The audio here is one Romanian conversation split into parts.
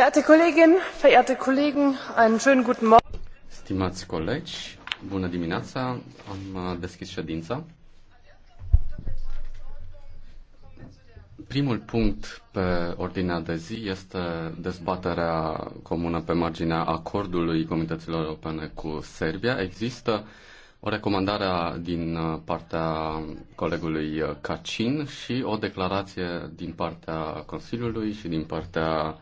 Verehrte Kolleginnen, verehrte Kollegen, einen schönen guten Morgen. Stimați colegi, bună dimineața, am uh, deschis ședința. Primul punct pe ordinea de zi este dezbaterea comună pe marginea acordului Comităților Europene cu Serbia. Există o recomandare din uh, partea colegului uh, Cacin și o declarație din partea Consiliului și din partea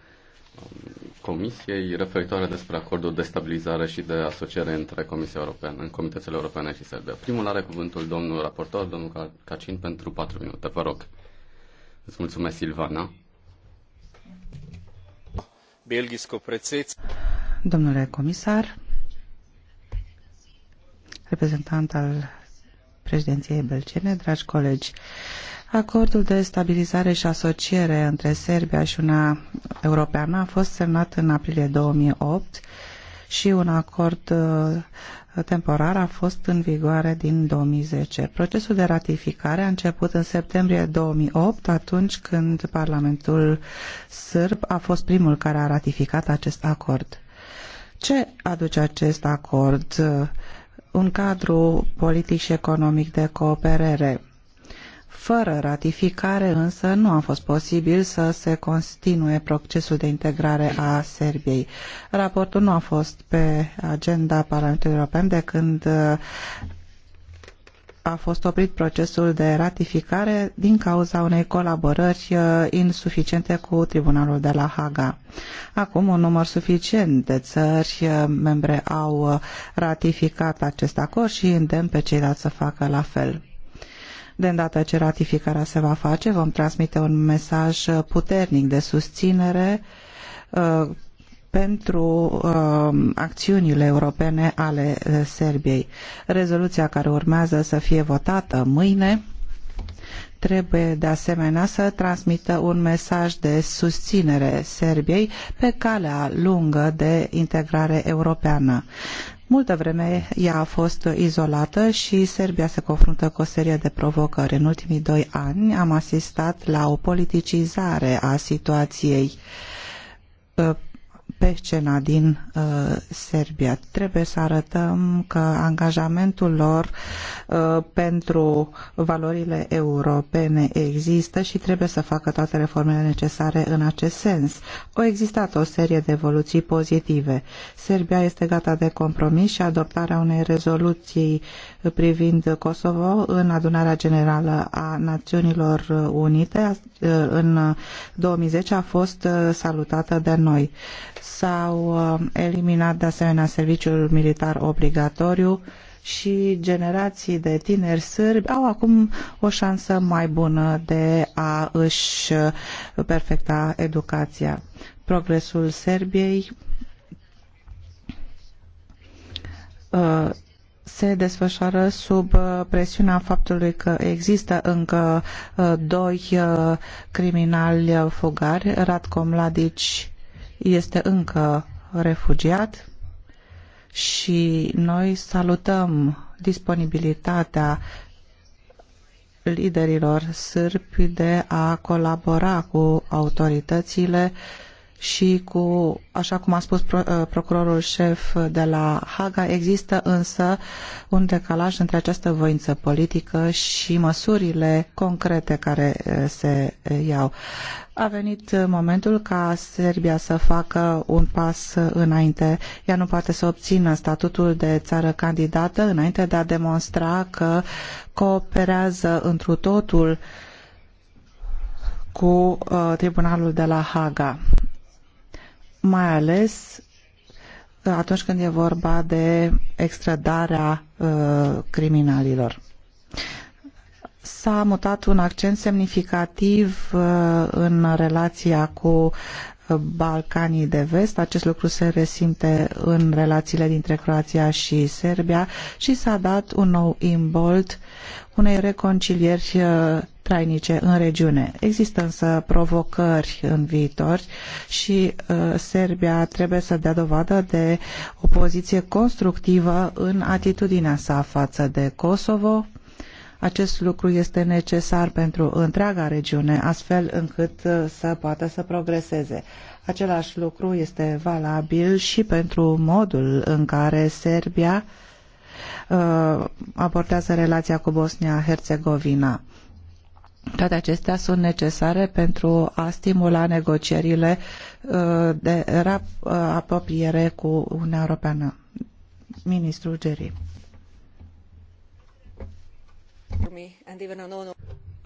Comisiei referitoare despre acordul de stabilizare și de asociere între Comisia Europeană, în Comitetele Europene și Serbia. Primul are cuvântul domnul raportor, domnul Cacin, pentru 4 minute. Vă rog. Îți mulțumesc, Silvana. Belgisco prețeț. Domnule comisar, reprezentant al președinției belgene, dragi colegi, Acordul de stabilizare și asociere între Serbia și Uniunea Europeană a fost semnat în aprilie 2008 și un acord uh, temporar a fost în vigoare din 2010. Procesul de ratificare a început în septembrie 2008, atunci când Parlamentul sârb a fost primul care a ratificat acest acord. Ce aduce acest acord? Uh, un cadru politic și economic de cooperare fără ratificare însă nu a fost posibil să se continue procesul de integrare a Serbiei. Raportul nu a fost pe agenda Parlamentului European de când uh, a fost oprit procesul de ratificare din cauza unei colaborări uh, insuficiente cu Tribunalul de la Haga. Acum un număr suficient de țări uh, membre au ratificat acest acord și îndemn pe ceilalți să facă la fel. De îndată ce ratificarea se va face, vom transmite un mesaj puternic de susținere uh, pentru uh, acțiunile europene ale uh, Serbiei. Rezoluția care urmează să fie votată mâine trebuie de asemenea să transmită un mesaj de susținere Serbiei pe calea lungă de integrare europeană. Multă vreme ea a fost izolată și Serbia se confruntă cu o serie de provocări. În ultimii doi ani am asistat la o politicizare a situației uh, pe scena din uh, Serbia. Trebuie să arătăm că angajamentul lor uh, pentru valorile europene există și trebuie să facă toate reformele necesare în acest sens. Au existat o serie de evoluții pozitive. Serbia este gata de compromis și adoptarea unei rezoluții uh, privind Kosovo în adunarea generală a Națiunilor Unite în 2010 a fost salutată de noi. S-au eliminat de asemenea serviciul militar obligatoriu și generații de tineri sârbi au acum o șansă mai bună de a își perfecta educația. Progresul Serbiei se desfășoară sub uh, presiunea faptului că există încă uh, doi uh, criminali fugari. Radko Mladic este încă refugiat și noi salutăm disponibilitatea liderilor sârbi de a colabora cu autoritățile uh, și cu, așa cum a spus uh, procurorul șef de la Haga, există însă un decalaj între această voință politică și măsurile concrete care uh, se iau. A venit momentul ca Serbia să facă un pas înainte. Ea nu poate să obțină statutul de țară candidată înainte de a demonstra că cooperează întru totul cu uh, Tribunalul de la Haga mai ales uh, atunci când e vorba de extradarea uh, criminalilor. S-a mutat un accent semnificativ uh, în relația cu uh, Balcanii de Vest. Acest lucru se resimte în relațiile dintre Croația și Serbia și s-a dat un nou imbolt unei reconcilieri uh, trainice în regiune. Există însă provocări în viitor și uh, Serbia trebuie să dea dovadă de o poziție constructivă în atitudinea sa față de Kosovo, acest lucru este necesar pentru întreaga regiune, astfel încât uh, să poată să progreseze. Același lucru este valabil și pentru modul în care Serbia uh, abordează relația cu Bosnia-Herzegovina. Toate acestea sunt necesare pentru a stimula negocierile uh, de uh, apropiere cu Uniunea Europeană. Ministrul Geri.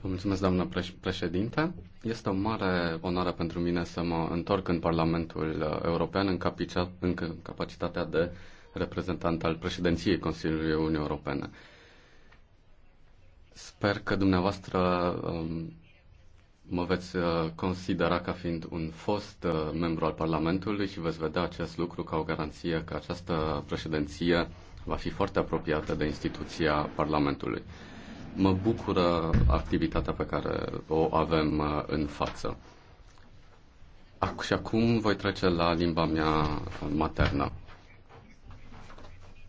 Vă mulțumesc, doamnă președinte. Este o mare onoare pentru mine să mă întorc în Parlamentul uh, European în, capicea, în capacitatea de reprezentant al președinției Consiliului Uniunii Europene. Sper că dumneavoastră um, mă veți uh, considera ca fiind un fost uh, membru al Parlamentului și veți vedea acest lucru ca o garanție că această președinție va fi foarte apropiată de instituția Parlamentului. Mă bucură activitatea pe care o avem uh, în față. Ac- și acum voi trece la limba mea uh, maternă.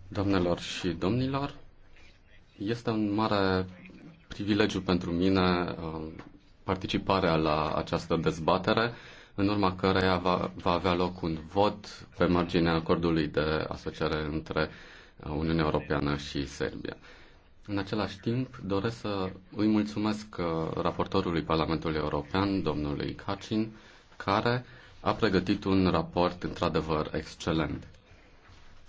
Doamnelor și domnilor, este un mare privilegiu pentru mine um, participarea la această dezbatere, în urma căreia va, va avea loc un vot pe marginea acordului de asociere între uh, Uniunea Europeană și Serbia. În același timp, doresc să îi mulțumesc uh, raportorului Parlamentului European, domnului Kacin, care a pregătit un raport într-adevăr excelent.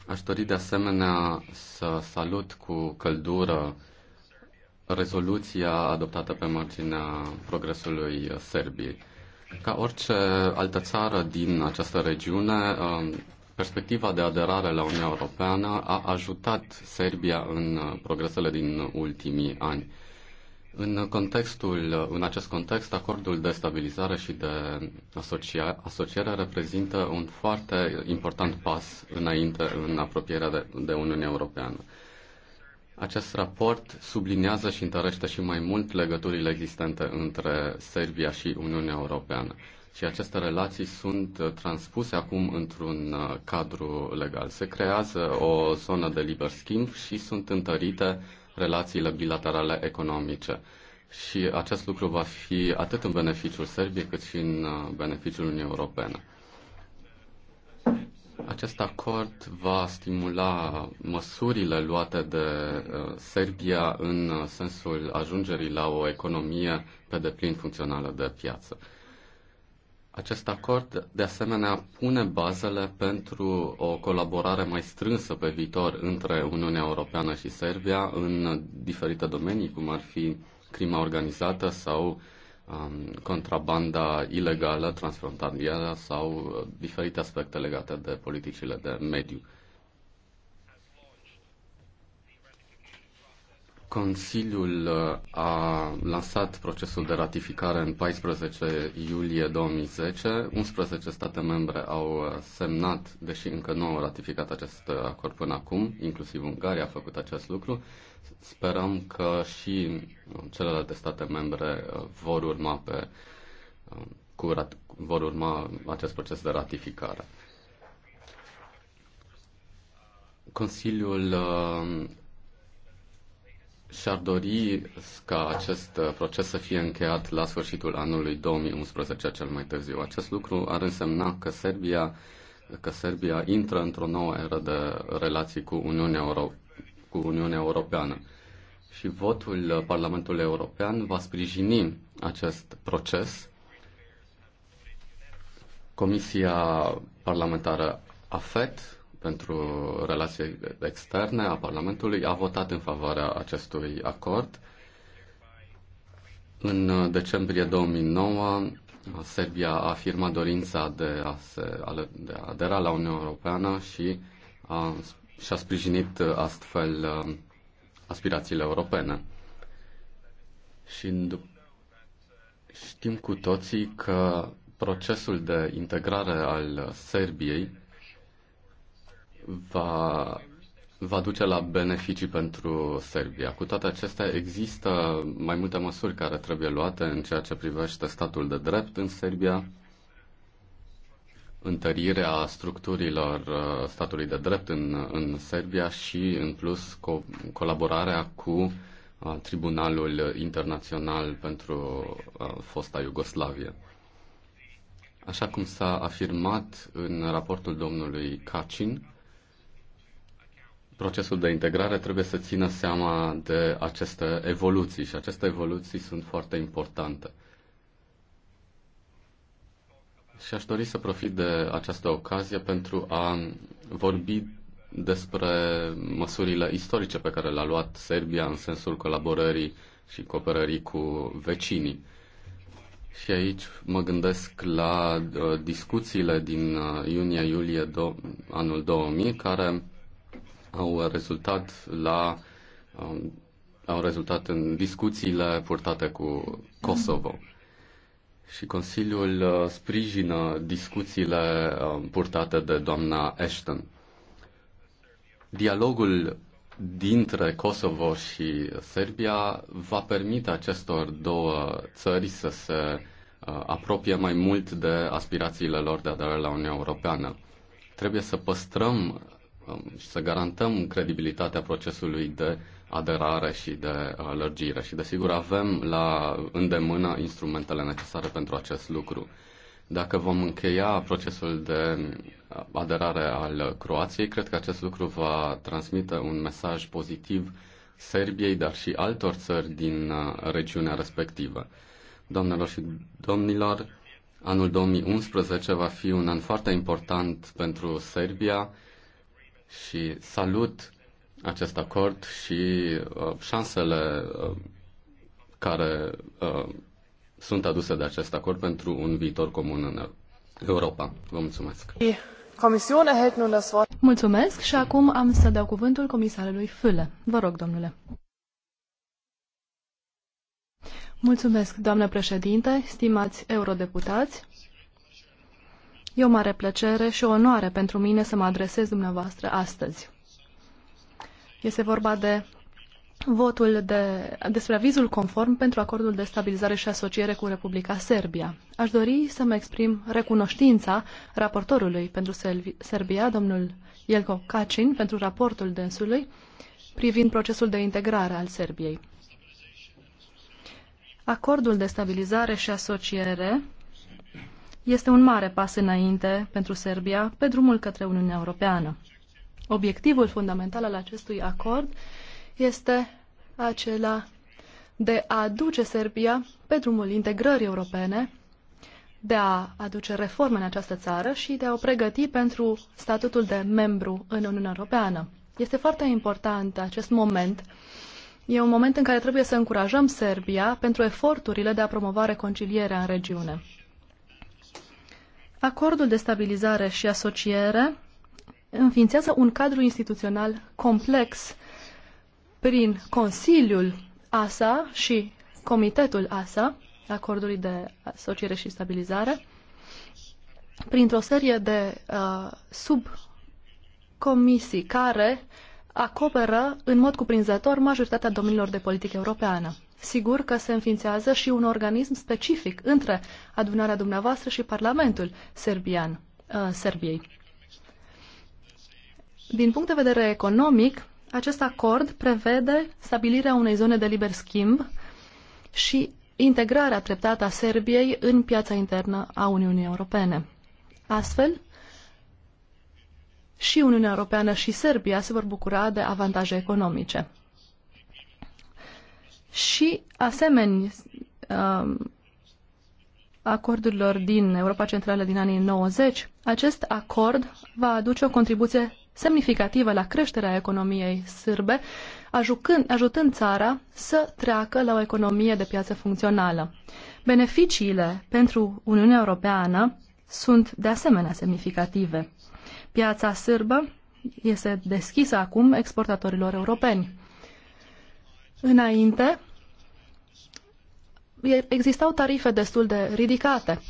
Aș dori de asemenea să salut cu căldură rezoluția adoptată pe marginea progresului uh, Serbiei. Ca orice altă țară din această regiune, um, perspectiva de aderare la Uniunea Europeană a ajutat Serbia în uh, progresele din ultimii ani. În, contextul, uh, în acest context, acordul de stabilizare și de asocia, asociere reprezintă un foarte important pas înainte în apropierea de, de Uniunea Europeană. Acest raport subliniază și întărește și mai mult legăturile existente între Serbia și Uniunea Europeană. Și aceste relații sunt uh, transpuse acum într-un uh, cadru legal. Se creează o zonă de liber schimb și sunt întărite relațiile bilaterale economice. Și acest lucru va fi atât în beneficiul Serbiei cât și în uh, beneficiul Uniunii Europene. Acest acord va stimula măsurile luate de uh, Serbia în uh, sensul ajungerii la o economie pe deplin funcțională de piață. Acest acord, de asemenea, pune bazele pentru o colaborare mai strânsă pe viitor între Uniunea Europeană și Serbia în diferite domenii, cum ar fi crima organizată sau uh, um, contrabanda ilegală transfrontalieră sau uh, diferite aspecte legate de politicile de mediu. Consiliul uh, a lansat procesul de ratificare în 14 iulie 2010. 11 state membre au uh, semnat, deși încă nu au ratificat acest uh, acord până acum, inclusiv Ungaria a făcut acest lucru. Sperăm că și celelalte state membre vor urma, pe, cu, vor urma acest proces de ratificare. Consiliul și-ar dori ca acest uh, proces să fie încheiat la sfârșitul anului 2011 cel mai târziu. Acest lucru ar însemna că Serbia, că Serbia intră într-o nouă eră de relații cu Uniunea, Euro- cu Uniunea Europeană. Și votul uh, Parlamentului European va sprijini acest proces. Comisia parlamentară AFET pentru relații externe a Parlamentului a votat în favoarea acestui acord. În decembrie 2009, Serbia a afirmat dorința de a, se, de a adera la Uniunea Europeană și a, și-a sprijinit astfel aspirațiile europene. Și știm cu toții că procesul de integrare al Serbiei va, va duce la beneficii pentru Serbia. Cu toate acestea, există mai multe măsuri care trebuie luate în ceea ce privește statul de drept în Serbia, întărirea structurilor uh, statului de drept în, în Serbia și, în plus, co- colaborarea cu uh, Tribunalul Internațional pentru uh, fosta Iugoslavie. Așa cum s-a afirmat în raportul domnului Kacin, procesul de integrare trebuie să țină seama de aceste evoluții și aceste evoluții sunt foarte importante. Și aș dori să profit de această ocazie pentru a vorbi despre măsurile istorice pe care le-a luat Serbia în sensul colaborării și cooperării cu vecinii. Și aici mă gândesc la uh, discuțiile din uh, iunie-iulie do- anul 2000, care au rezultat la um, au rezultat în discuțiile purtate cu Kosovo. Și Consiliul uh, sprijină discuțiile um, purtate de doamna Ashton. Dialogul dintre Kosovo și Serbia va permite acestor două țări să se uh, apropie mai mult de aspirațiile lor de aderare la Uniunea Europeană. Trebuie să păstrăm Um, și să garantăm credibilitatea procesului de aderare și de alergire. Uh, și desigur avem la îndemână instrumentele necesare pentru acest lucru. Dacă vom încheia procesul de aderare al Croației, cred că acest lucru va transmite un mesaj pozitiv Serbiei, dar și altor țări din uh, regiunea respectivă. Doamnelor și domnilor, anul 2011 va fi un an foarte important pentru Serbia și salut acest acord și uh, șansele uh, care uh, sunt aduse de acest acord pentru un viitor comun în Europa. Vă mulțumesc. Mulțumesc și acum am să dau cuvântul comisarului Füle. Vă rog, domnule. Mulțumesc, doamnă președinte, stimați eurodeputați. E o mare plăcere și o onoare pentru mine să mă adresez dumneavoastră astăzi. Este vorba de votul de, despre avizul conform pentru acordul de stabilizare și asociere cu Republica Serbia. Aș dori să-mi exprim recunoștința raportorului pentru Serbia, domnul Jelko Kacin, pentru raportul dânsului privind procesul de integrare al Serbiei. Acordul de stabilizare și asociere este un mare pas înainte pentru Serbia pe drumul către Uniunea Europeană. Obiectivul fundamental al acestui acord este acela de a aduce Serbia pe drumul integrării europene, de a aduce reforme în această țară și de a o pregăti pentru statutul de membru în Uniunea Europeană. Este foarte important acest moment. E un moment în care trebuie să încurajăm Serbia pentru eforturile de a promova reconcilierea în regiune. Acordul de stabilizare și asociere înființează un cadru instituțional complex prin Consiliul ASA și Comitetul ASA, acordului de asociere și stabilizare, printr-o serie de uh, subcomisii care acoperă în mod cuprinzător majoritatea domeniilor de politică europeană sigur că se înființează și un organism specific între adunarea dumneavoastră și Parlamentul serbian, uh, Serbiei. Din punct de vedere economic, acest acord prevede stabilirea unei zone de liber schimb și integrarea treptată a Serbiei în piața internă a Uniunii Europene. Astfel, și Uniunea Europeană și Serbia se vor bucura de avantaje economice și asemeni um, acordurilor din Europa Centrală din anii 90, acest acord va aduce o contribuție semnificativă la creșterea economiei sârbe, ajucând, ajutând țara să treacă la o economie de piață funcțională. Beneficiile pentru Uniunea Europeană sunt de asemenea semnificative. Piața sârbă este deschisă acum exportatorilor europeni. Înainte, existau tarife destul de ridicate,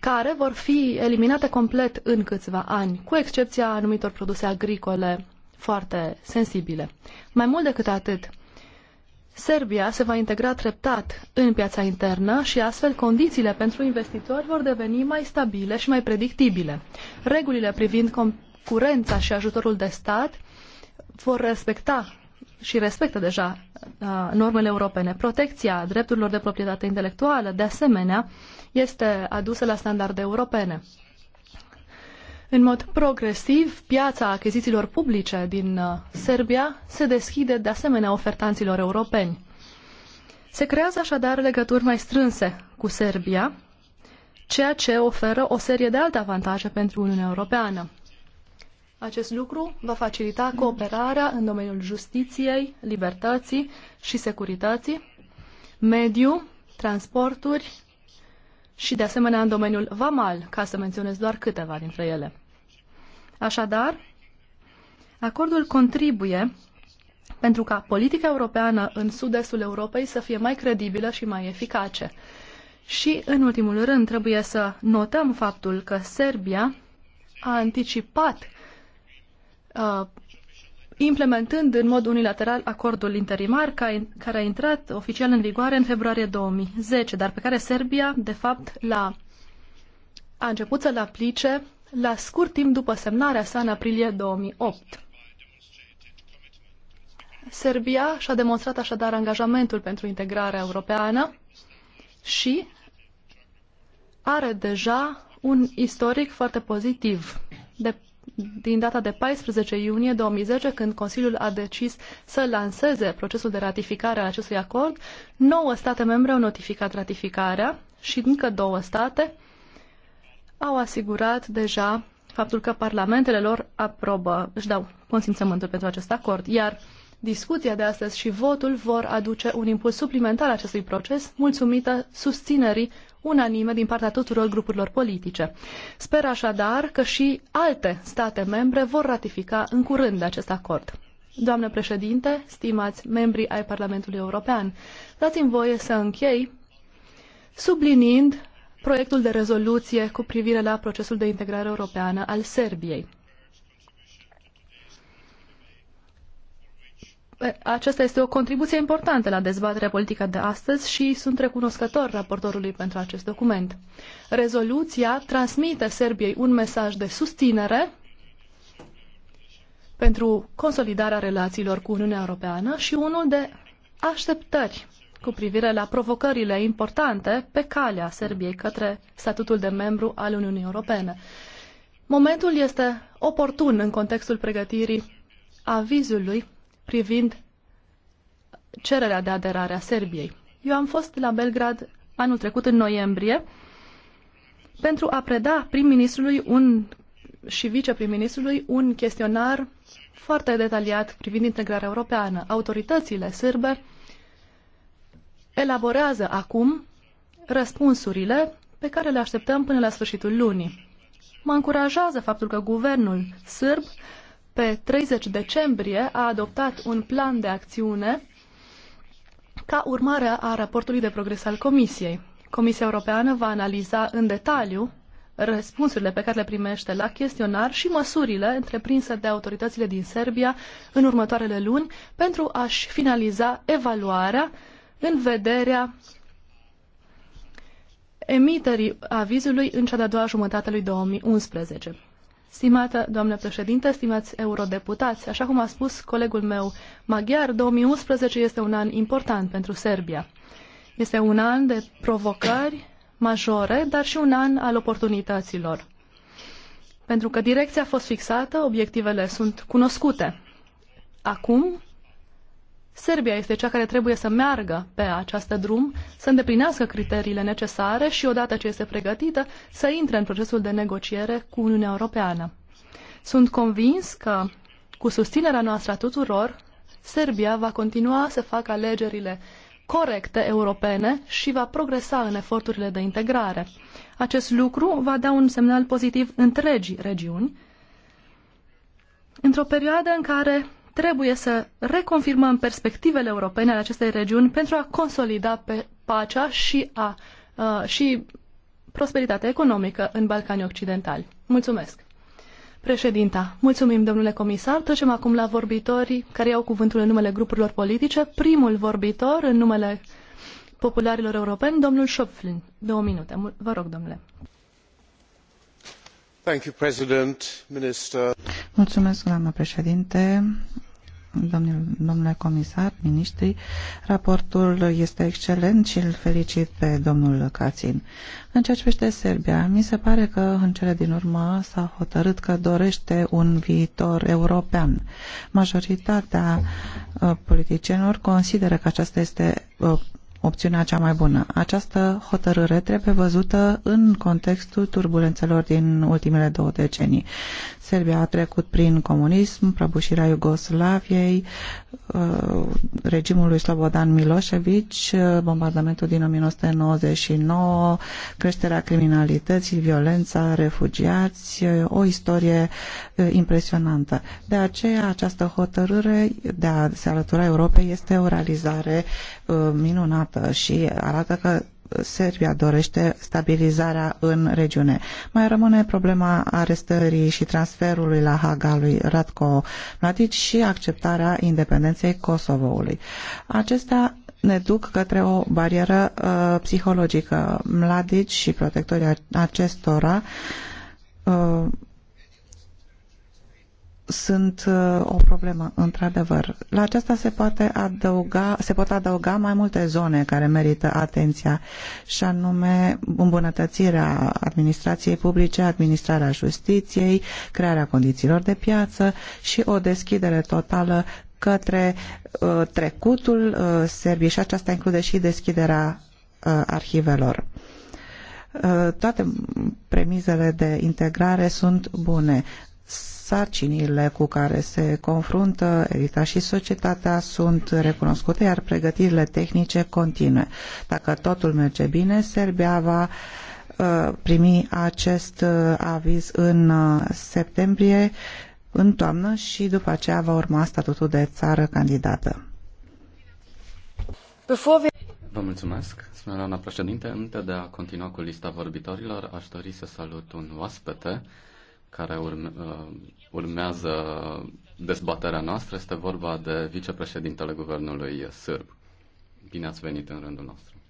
care vor fi eliminate complet în câțiva ani, cu excepția anumitor produse agricole foarte sensibile. Mai mult decât atât, Serbia se va integra treptat în piața internă și astfel condițiile pentru investitori vor deveni mai stabile și mai predictibile. Regulile privind concurența și ajutorul de stat vor respecta și respectă deja uh, normele europene. Protecția drepturilor de proprietate intelectuală, de asemenea, este adusă la standarde europene. În mod progresiv, piața achizițiilor publice din uh, Serbia se deschide de asemenea ofertanților europeni. Se creează așadar legături mai strânse cu Serbia, ceea ce oferă o serie de alte avantaje pentru Uniunea Europeană. Acest lucru va facilita cooperarea în domeniul justiției, libertății și securității, mediu, transporturi și, de asemenea, în domeniul vamal, ca să menționez doar câteva dintre ele. Așadar, acordul contribuie pentru ca politica europeană în sud-estul Europei să fie mai credibilă și mai eficace. Și, în ultimul rând, trebuie să notăm faptul că Serbia a anticipat Uh, implementând în mod unilateral acordul interimar care a intrat oficial în vigoare în februarie 2010, dar pe care Serbia, de fapt, l-a a început să-l aplice la scurt timp după semnarea sa în aprilie 2008. Serbia și-a demonstrat așadar angajamentul pentru integrarea europeană și are deja un istoric foarte pozitiv. De din data de 14 iunie 2010, când Consiliul a decis să lanseze procesul de ratificare a acestui acord, nouă state membre au notificat ratificarea și încă două state au asigurat deja faptul că parlamentele lor aprobă, își dau consimțământul pentru acest acord, iar discuția de astăzi și votul vor aduce un impuls suplimentar acestui proces, mulțumită susținerii unanime din partea tuturor grupurilor politice. Sper așadar că și alte state membre vor ratifica în curând acest acord. Doamnă președinte, stimați membri ai Parlamentului European, dați-mi voie să închei subliniind proiectul de rezoluție cu privire la procesul de integrare europeană al Serbiei. aceasta este o contribuție importantă la dezbaterea politică de astăzi și sunt recunoscător raportorului pentru acest document. Rezoluția transmite Serbiei un mesaj de susținere pentru consolidarea relațiilor cu Uniunea Europeană și unul de așteptări cu privire la provocările importante pe calea Serbiei către statutul de membru al Uniunii Europene. Momentul este oportun în contextul pregătirii avizului privind cererea de aderare a Serbiei. Eu am fost la Belgrad anul trecut, în noiembrie, pentru a preda prim-ministrului un, și viceprim-ministrului un chestionar foarte detaliat privind integrarea europeană. Autoritățile sârbe elaborează acum răspunsurile pe care le așteptăm până la sfârșitul lunii. Mă încurajează faptul că guvernul sârb pe 30 decembrie, a adoptat un plan de acțiune ca urmare a raportului de progres al Comisiei. Comisia Europeană va analiza în detaliu răspunsurile pe care le primește la chestionar și măsurile întreprinse de autoritățile din Serbia în următoarele luni pentru a-și finaliza evaluarea în vederea emiterii avizului în cea de-a doua jumătate a lui 2011. Stimată doamnă președinte, stimați eurodeputați, așa cum a spus colegul meu maghiar, 2011 este un an important pentru Serbia. Este un an de provocări majore, dar și un an al oportunităților. Pentru că direcția a fost fixată, obiectivele sunt cunoscute. Acum Serbia este cea care trebuie să meargă pe această drum, să îndeplinească criteriile necesare și, odată ce este pregătită, să intre în procesul de negociere cu Uniunea Europeană. Sunt convins că, cu susținerea noastră a tuturor, Serbia va continua să facă alegerile corecte europene și va progresa în eforturile de integrare. Acest lucru va da un semnal pozitiv întregii regiuni, într-o perioadă în care trebuie să reconfirmăm perspectivele europene ale acestei regiuni pentru a consolida pe pacea și, a, uh, și prosperitatea economică în Balcanii Occidentali. Mulțumesc! Președinta, mulțumim, domnule comisar. Trecem acum la vorbitorii care iau cuvântul în numele grupurilor politice. Primul vorbitor în numele popularilor europeni, domnul Schöpflin. Două minute. Vă rog, domnule. Thank you, President, Minister. Mulțumesc, doamnă președinte, domnule, domnule comisar, miniștri. Raportul este excelent și îl felicit pe domnul Cațin. În ceea ce privește Serbia, mi se pare că în cele din urmă s-a hotărât că dorește un viitor european. Majoritatea uh, politicienilor consideră că aceasta este uh, opțiunea cea mai bună. Această hotărâre trebuie văzută în contextul turbulențelor din ultimele două decenii. Serbia a trecut prin comunism, prăbușirea Iugoslaviei, uh, regimul lui Slobodan Milosevic, uh, bombardamentul din 1999, creșterea criminalității, violența, refugiați, uh, o istorie impresionantă. De aceea această hotărâre de a se alătura Europei este o realizare Uh, minunată și arată că Serbia dorește stabilizarea în regiune. Mai rămâne problema arestării și transferului la Haga lui Ratko Mladic și acceptarea independenței Kosovoului. Acestea ne duc către o barieră uh, psihologică. Mladic și protectorii acestora uh, sunt uh, o problemă, într-adevăr. La aceasta se, poate adăuga, se pot adăuga mai multe zone care merită atenția, și anume îmbunătățirea administrației publice, administrarea justiției, crearea condițiilor de piață și o deschidere totală către uh, trecutul uh, Serbiei și aceasta include și deschiderea uh, arhivelor uh, toate premizele de integrare sunt bune, sarcinile cu care se confruntă elita și societatea sunt recunoscute, iar pregătirile tehnice continue. Dacă totul merge bine, Serbia va uh, primi acest uh, aviz în uh, septembrie, în toamnă și după aceea va urma statutul de țară candidată. Vă mulțumesc, spune doamna președinte. Înainte de a continua cu lista vorbitorilor, aș dori să salut un oaspete care urme, uh, urmează dezbaterea noastră este vorba de vicepreședintele guvernului sârb. Bine ați venit în rândul nostru.